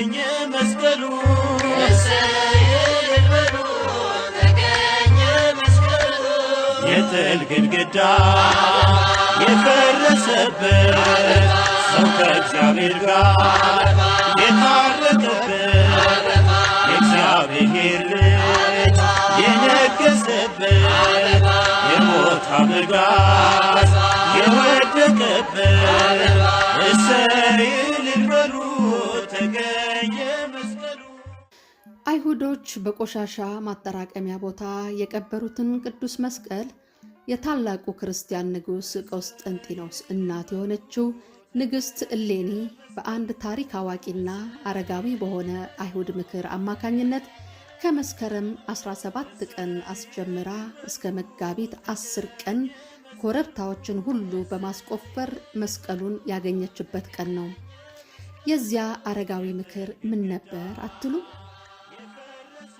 ተገኘ መስቀሉ የጥል ግድግዳ የፈረሰበት ሰው ከእግዚአብሔር ጋር የታረቀበት የእግዚአብሔር ልጅ የነገሰበት የሞት አመጋዝ አይሁዶች በቆሻሻ ማጠራቀሚያ ቦታ የቀበሩትን ቅዱስ መስቀል የታላቁ ክርስቲያን ንጉሥ ቆስጠንጢኖስ እናት የሆነችው ንግሥት እሌኒ በአንድ ታሪክ አዋቂና አረጋዊ በሆነ አይሁድ ምክር አማካኝነት ከመስከረም 17 ቀን አስጀምራ እስከ መጋቢት 10 ቀን ኮረብታዎችን ሁሉ በማስቆፈር መስቀሉን ያገኘችበት ቀን ነው። የዚያ አረጋዊ ምክር ምን ነበር አትሉ?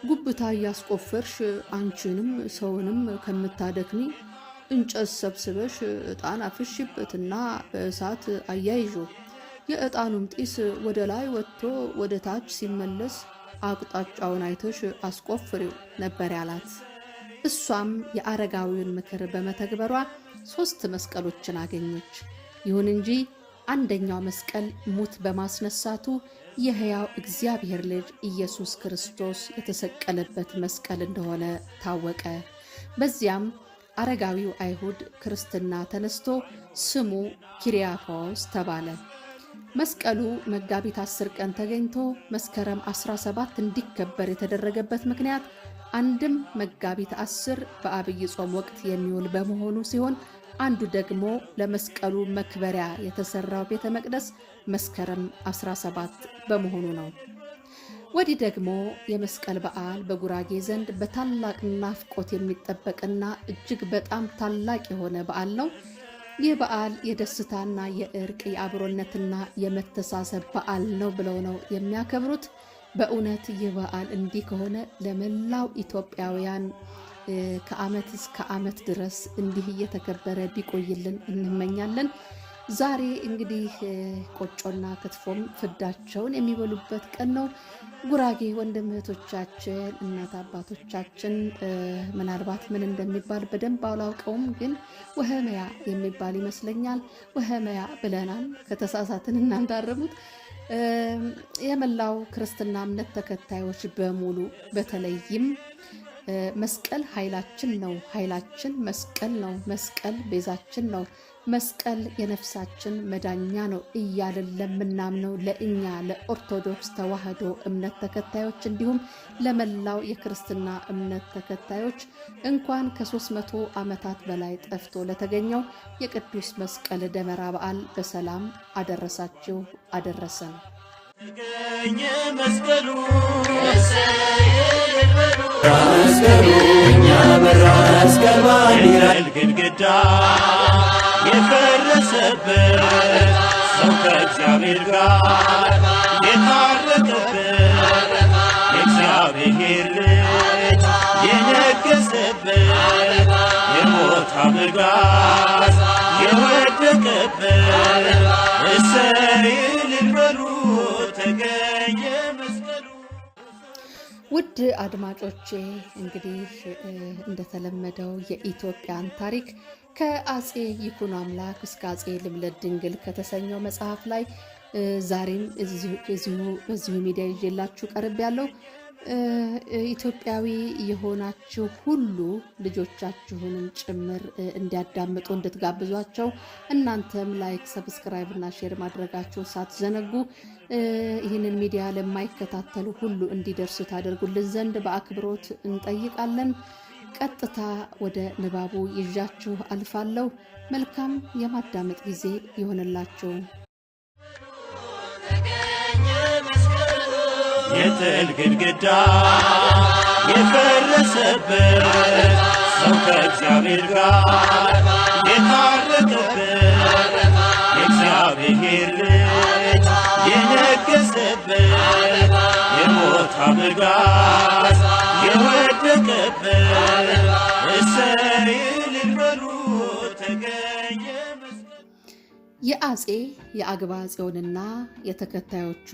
ጉብታ እያስቆፈርሽ አንቺንም ሰውንም ከምታደክሚ እንጨት ሰብስበሽ ዕጣን አፍሽበትና በእሳት አያይዞ የዕጣኑም ጢስ ወደ ላይ ወጥቶ ወደ ታች ሲመለስ አቅጣጫውን አይተሽ አስቆፍሪው ነበር ያላት። እሷም የአረጋዊውን ምክር በመተግበሯ ሦስት መስቀሎችን አገኘች። ይሁን እንጂ አንደኛው መስቀል ሙት በማስነሳቱ የሕያው እግዚአብሔር ልጅ ኢየሱስ ክርስቶስ የተሰቀለበት መስቀል እንደሆነ ታወቀ። በዚያም አረጋዊው አይሁድ ክርስትና ተነስቶ ስሙ ኪሪያፎስ ተባለ። መስቀሉ መጋቢት 10 ቀን ተገኝቶ መስከረም 17 እንዲከበር የተደረገበት ምክንያት አንድም መጋቢት 10 በአብይ ጾም ወቅት የሚውል በመሆኑ ሲሆን አንዱ ደግሞ ለመስቀሉ መክበሪያ የተሰራው ቤተ መቅደስ መስከረም 17 በመሆኑ ነው። ወዲህ ደግሞ የመስቀል በዓል በጉራጌ ዘንድ በታላቅ ናፍቆት የሚጠበቅና እጅግ በጣም ታላቅ የሆነ በዓል ነው። ይህ በዓል የደስታና የእርቅ የአብሮነትና የመተሳሰብ በዓል ነው ብለው ነው የሚያከብሩት። በእውነት ይህ በዓል እንዲህ ከሆነ ለመላው ኢትዮጵያውያን ከአመት እስከ አመት ድረስ እንዲህ እየተከበረ ቢቆይልን እንመኛለን። ዛሬ እንግዲህ ቆጮና ክትፎም ፍዳቸውን የሚበሉበት ቀን ነው። ጉራጌ ወንድም እህቶቻችን፣ እናት አባቶቻችን ምናልባት ምን እንደሚባል በደንብ አላውቀውም፣ ግን ወህመያ የሚባል ይመስለኛል። ወህመያ ብለናል። ከተሳሳትን እናንዳረሙት። የመላው ክርስትና እምነት ተከታዮች በሙሉ በተለይም መስቀል ኃይላችን ነው፣ ኃይላችን መስቀል ነው፣ መስቀል ቤዛችን ነው፣ መስቀል የነፍሳችን መዳኛ ነው እያልን ለምናምነው ለእኛ ለኦርቶዶክስ ተዋህዶ እምነት ተከታዮች እንዲሁም ለመላው የክርስትና እምነት ተከታዮች እንኳን ከ መቶ ዓመታት በላይ ጠፍቶ ለተገኘው የቅዱስ መስቀል ደመራ በዓል በሰላም አደረሳችሁ አደረሰን። ተገኘ መስቀሉ መስቀሉኛ ግድግዳ የፈረሰበት ሰው ከእግዚአብሔር ጋር የታረቀበት የእግዚአብሔር ልጅ የነገሰበት የሞት የወደቀበት እሰይ ልበሉ ውድ አድማጮቼ እንግዲህ እንደተለመደው የኢትዮጵያን ታሪክ ከአጼ ይኩኖ አምላክ እስከ አጼ ልብነ ድንግል ከተሰኘው መጽሐፍ ላይ ዛሬም እዚሁ ሚዲያ ይዤላችሁ ቀርብ ያለው ኢትዮጵያዊ የሆናችሁ ሁሉ ልጆቻችሁንም ጭምር እንዲያዳምጡ እንድትጋብዟቸው እናንተም ላይክ፣ ሰብስክራይብ እና ሼር ማድረጋችሁ ሳትዘነጉ ይህንን ሚዲያ ለማይከታተሉ ሁሉ እንዲደርሱ ታደርጉልን ዘንድ በአክብሮት እንጠይቃለን። ቀጥታ ወደ ንባቡ ይዣችሁ አልፋለሁ። መልካም የማዳመጥ ጊዜ ይሆንላችሁ። የጥል ግድግዳ የፈረሰበት ሰው ከእግዚአብሔር ጋር የታረቀበት የእግዚአብሔር ልጅ የነገሰበት የሞት አበጋዝ የወደቀበት የአጼ የአግባ ጽዮንና የተከታዮቹ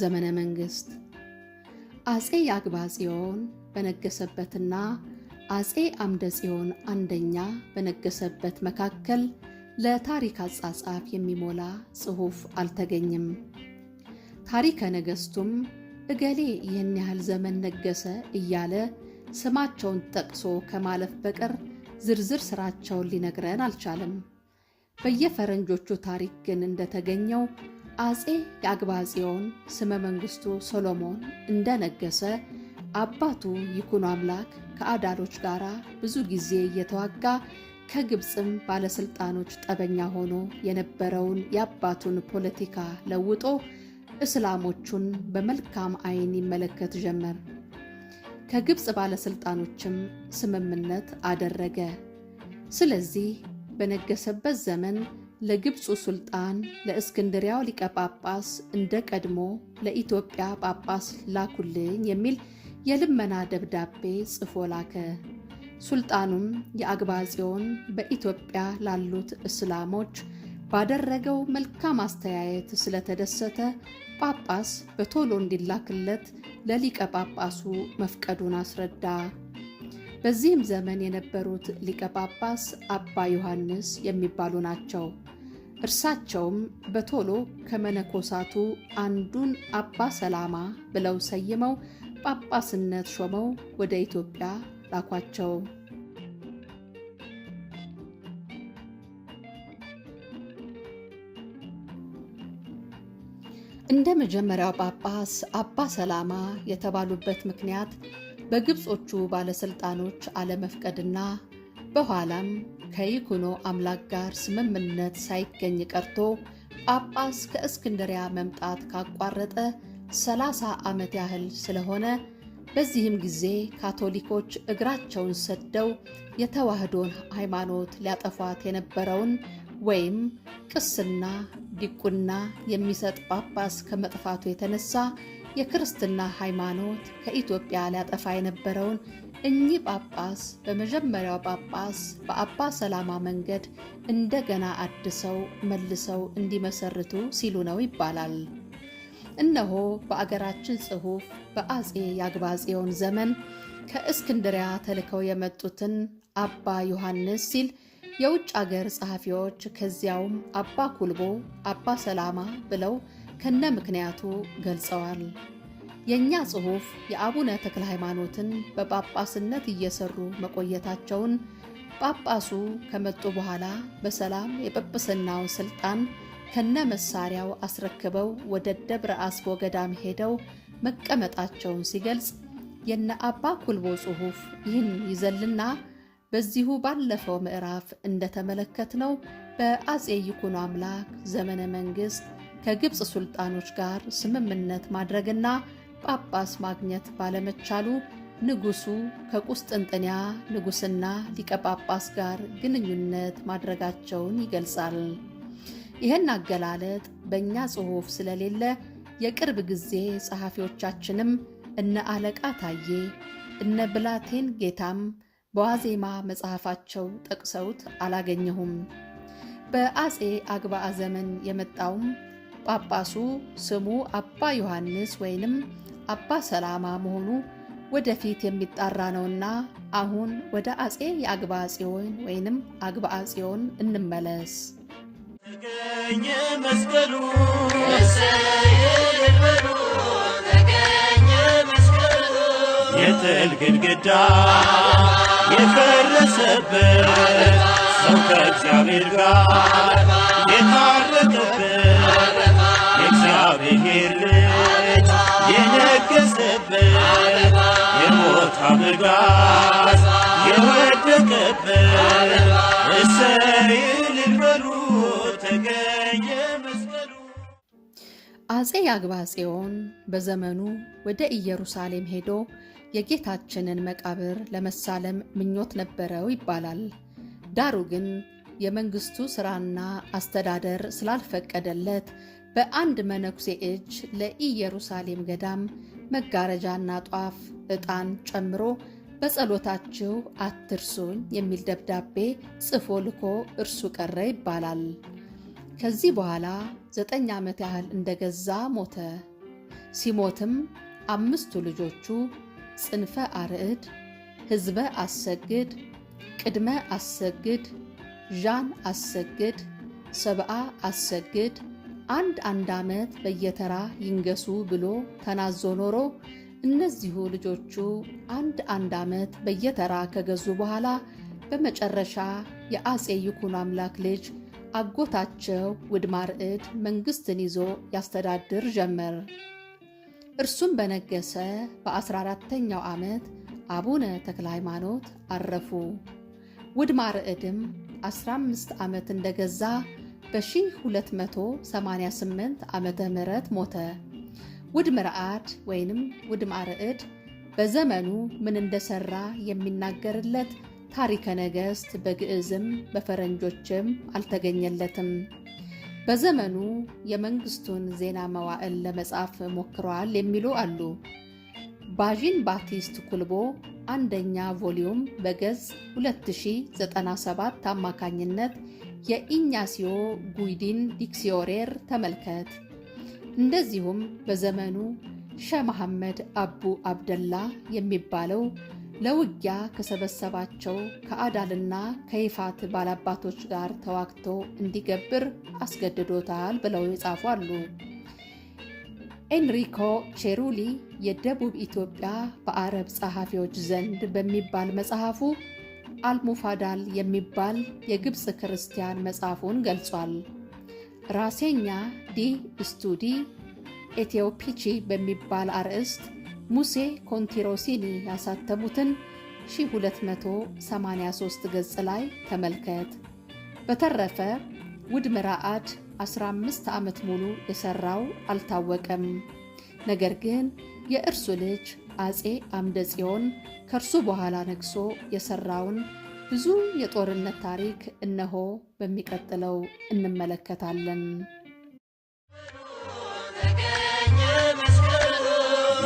ዘመነ መንግስት አጼ ያግባ ጽዮን በነገሰበትና አጼ አምደ ጽዮን አንደኛ በነገሰበት መካከል ለታሪክ አጻጻፍ የሚሞላ ጽሑፍ አልተገኝም። ታሪከ ነገሥቱም እገሌ ይህን ያህል ዘመን ነገሰ እያለ ስማቸውን ጠቅሶ ከማለፍ በቀር ዝርዝር ስራቸውን ሊነግረን አልቻለም። በየፈረንጆቹ ታሪክ ግን እንደተገኘው አጼ የአግባጽዮን ስመ መንግስቱ ሶሎሞን እንደነገሰ አባቱ ይኩኖ አምላክ ከአዳሎች ጋር ብዙ ጊዜ እየተዋጋ ከግብፅም ባለስልጣኖች ጠበኛ ሆኖ የነበረውን የአባቱን ፖለቲካ ለውጦ እስላሞቹን በመልካም ዐይን ይመለከት ጀመር። ከግብፅ ባለስልጣኖችም ስምምነት አደረገ። ስለዚህ በነገሰበት ዘመን ለግብፁ ሱልጣን ለእስክንድሪያው ሊቀ ጳጳስ እንደ ቀድሞ ለኢትዮጵያ ጳጳስ ላኩልኝ የሚል የልመና ደብዳቤ ጽፎ ላከ። ሱልጣኑም የአግባጽዮን በኢትዮጵያ ላሉት እስላሞች ባደረገው መልካም አስተያየት ስለተደሰተ ጳጳስ በቶሎ እንዲላክለት ለሊቀ ጳጳሱ መፍቀዱን አስረዳ። በዚህም ዘመን የነበሩት ሊቀ ጳጳስ አባ ዮሐንስ የሚባሉ ናቸው። እርሳቸውም በቶሎ ከመነኮሳቱ አንዱን አባ ሰላማ ብለው ሰይመው ጳጳስነት ሾመው ወደ ኢትዮጵያ ላኳቸው። እንደ መጀመሪያው ጳጳስ አባ ሰላማ የተባሉበት ምክንያት በግብጾቹ ባለሥልጣኖች አለመፍቀድና በኋላም ከይኩኖ አምላክ ጋር ስምምነት ሳይገኝ ቀርቶ ጳጳስ ከእስክንድሪያ መምጣት ካቋረጠ 30 ዓመት ያህል ስለሆነ በዚህም ጊዜ ካቶሊኮች እግራቸውን ሰደው የተዋህዶን ሃይማኖት ሊያጠፏት የነበረውን ወይም ቅስና ዲቁና የሚሰጥ ጳጳስ ከመጥፋቱ የተነሳ የክርስትና ሃይማኖት ከኢትዮጵያ ሊያጠፋ የነበረውን እኚህ ጳጳስ በመጀመሪያው ጳጳስ በአባ ሰላማ መንገድ እንደገና አድሰው መልሰው እንዲመሰርቱ ሲሉ ነው ይባላል። እነሆ በአገራችን ጽሑፍ በአጼ ያግባጽዮን ዘመን ከእስክንድሪያ ተልከው የመጡትን አባ ዮሐንስ ሲል የውጭ አገር ጸሐፊዎች ከዚያውም አባ ኩልቦ፣ አባ ሰላማ ብለው ከነ ምክንያቱ ገልጸዋል። የእኛ ጽሑፍ የአቡነ ተክለ ሃይማኖትን በጳጳስነት እየሰሩ መቆየታቸውን ጳጳሱ ከመጡ በኋላ በሰላም የጵጵስናውን ስልጣን ከነ መሳሪያው አስረክበው ወደ ደብረ አስቦ ገዳም ሄደው መቀመጣቸውን ሲገልጽ የነ አባ ኩልቦ ጽሑፍ ይህን ይዘልና በዚሁ ባለፈው ምዕራፍ እንደተመለከትነው በአፄ ይኩኖ አምላክ ዘመነ መንግሥት ከግብፅ ሱልጣኖች ጋር ስምምነት ማድረግና ጳጳስ ማግኘት ባለመቻሉ ንጉሱ ከቁስጥንጥንያ ንጉስና ሊቀ ጳጳስ ጋር ግንኙነት ማድረጋቸውን ይገልጻል። ይህን አገላለጥ በእኛ ጽሑፍ ስለሌለ የቅርብ ጊዜ ጸሐፊዎቻችንም እነ አለቃ ታዬ እነ ብላቴን ጌታም በዋዜማ መጽሐፋቸው ጠቅሰውት አላገኘሁም። በአፄ አግባአ ዘመን የመጣውም ጳጳሱ ስሙ አባ ዮሐንስ ወይንም አባ ሰላማ መሆኑ ወደፊት የሚጣራ ነውና አሁን ወደ አፄ የአግባ ጽዮን ወይንም አግባ ጽዮን እንመለስ። ተገኘ መስቀሉ የጥል ግድግዳ የፈረሰበት ሰው ከእግዚአብሔር ጋር የእግዚአብሔር ልጅ የነገሰበት የሞት አበጋዝ የወደቀበት ልበሉ ተገኘ መስቀሉ። አጼ አግባ ጽዮን በዘመኑ ወደ ኢየሩሳሌም ሄዶ የጌታችንን መቃብር ለመሳለም ምኞት ነበረው ይባላል። ዳሩ ግን የመንግስቱ ስራና አስተዳደር ስላልፈቀደለት በአንድ መነኩሴ እጅ ለኢየሩሳሌም ገዳም መጋረጃና ጧፍ ዕጣን ጨምሮ በጸሎታችሁ አትርሱኝ የሚል ደብዳቤ ጽፎ ልኮ እርሱ ቀረ ይባላል። ከዚህ በኋላ ዘጠኝ ዓመት ያህል እንደገዛ ሞተ። ሲሞትም አምስቱ ልጆቹ ጽንፈ አርዕድ፣ ሕዝበ አሰግድ፣ ቅድመ አሰግድ፣ ዣን አሰግድ፣ ሰብአ አሰግድ አንድ አንድ ዓመት በየተራ ይንገሱ ብሎ ተናዞ ኖሮ እነዚሁ ልጆቹ አንድ አንድ ዓመት በየተራ ከገዙ በኋላ በመጨረሻ የአፄ ይኩኖ አምላክ ልጅ አጎታቸው ውድማ ርዕድ መንግሥትን ይዞ ያስተዳድር ጀመር። እርሱም በነገሰ በ14ተኛው ዓመት አቡነ ተክለ ሃይማኖት አረፉ። ውድማ ርዕድም 15 ዓመት እንደገዛ በ1288 ዓመተ ምህረት ሞተ። ውድ ምርአድ ወይንም ውድ ማርዕድ በዘመኑ ምን እንደሰራ የሚናገርለት ታሪከ ነገሥት በግዕዝም በፈረንጆችም አልተገኘለትም። በዘመኑ የመንግስቱን ዜና መዋዕል ለመጻፍ ሞክረዋል የሚሉ አሉ። ባዢን ባቲስት ኩልቦ አንደኛ ቮሊዩም በገጽ 2097 አማካኝነት የኢኛሲዮ ጉይዲን ዲክሲዮሬር ተመልከት። እንደዚሁም በዘመኑ ሸህ መሐመድ አቡ አብደላ የሚባለው ለውጊያ ከሰበሰባቸው ከአዳልና ከይፋት ባላባቶች ጋር ተዋግቶ እንዲገብር አስገድዶታል ብለው የጻፉ አሉ። ኤንሪኮ ቼሩሊ የደቡብ ኢትዮጵያ በአረብ ጸሐፊዎች ዘንድ በሚባል መጽሐፉ አልሙፋዳል የሚባል የግብፅ ክርስቲያን መጽሐፉን ገልጿል። ራሴኛ ዲ ስቱዲ ኤትዮፒቺ በሚባል አርዕስት ሙሴ ኮንቲሮሲኒ ያሳተሙትን 1283 ገጽ ላይ ተመልከት። በተረፈ ውድ ምራአድ 15 ዓመት ሙሉ የሠራው አልታወቀም። ነገር ግን የእርሱ ልጅ አጼ አምደ ጽዮን ከእርሱ በኋላ ነግሶ የሠራውን ብዙ የጦርነት ታሪክ እነሆ በሚቀጥለው እንመለከታለን።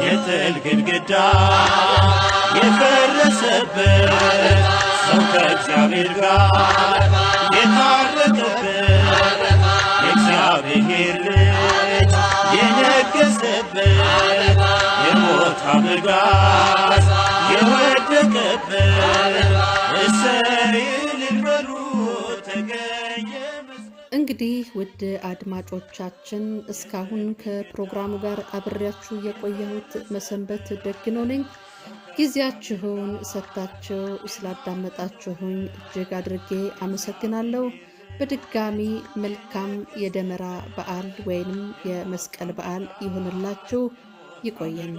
የጥል ግድግዳ የፈረሰበት ሰው ከእግዚአብሔር ጋር የታረቀበት የእግዚአብሔር ልጅ የነገሰበት የወደቀበት ተገኘ። እንግዲህ ውድ አድማጮቻችን እስካሁን ከፕሮግራሙ ጋር አብሬያችሁ የቆየሁት መሰንበት ደግነው ነኝ። ጊዜያችሁን ሰጥታችሁ ስላዳመጣችሁኝ እጅግ አድርጌ አመሰግናለሁ። በድጋሚ መልካም የደመራ በዓል ወይንም የመስቀል በዓል ይሁንላችሁ። ይቆየን።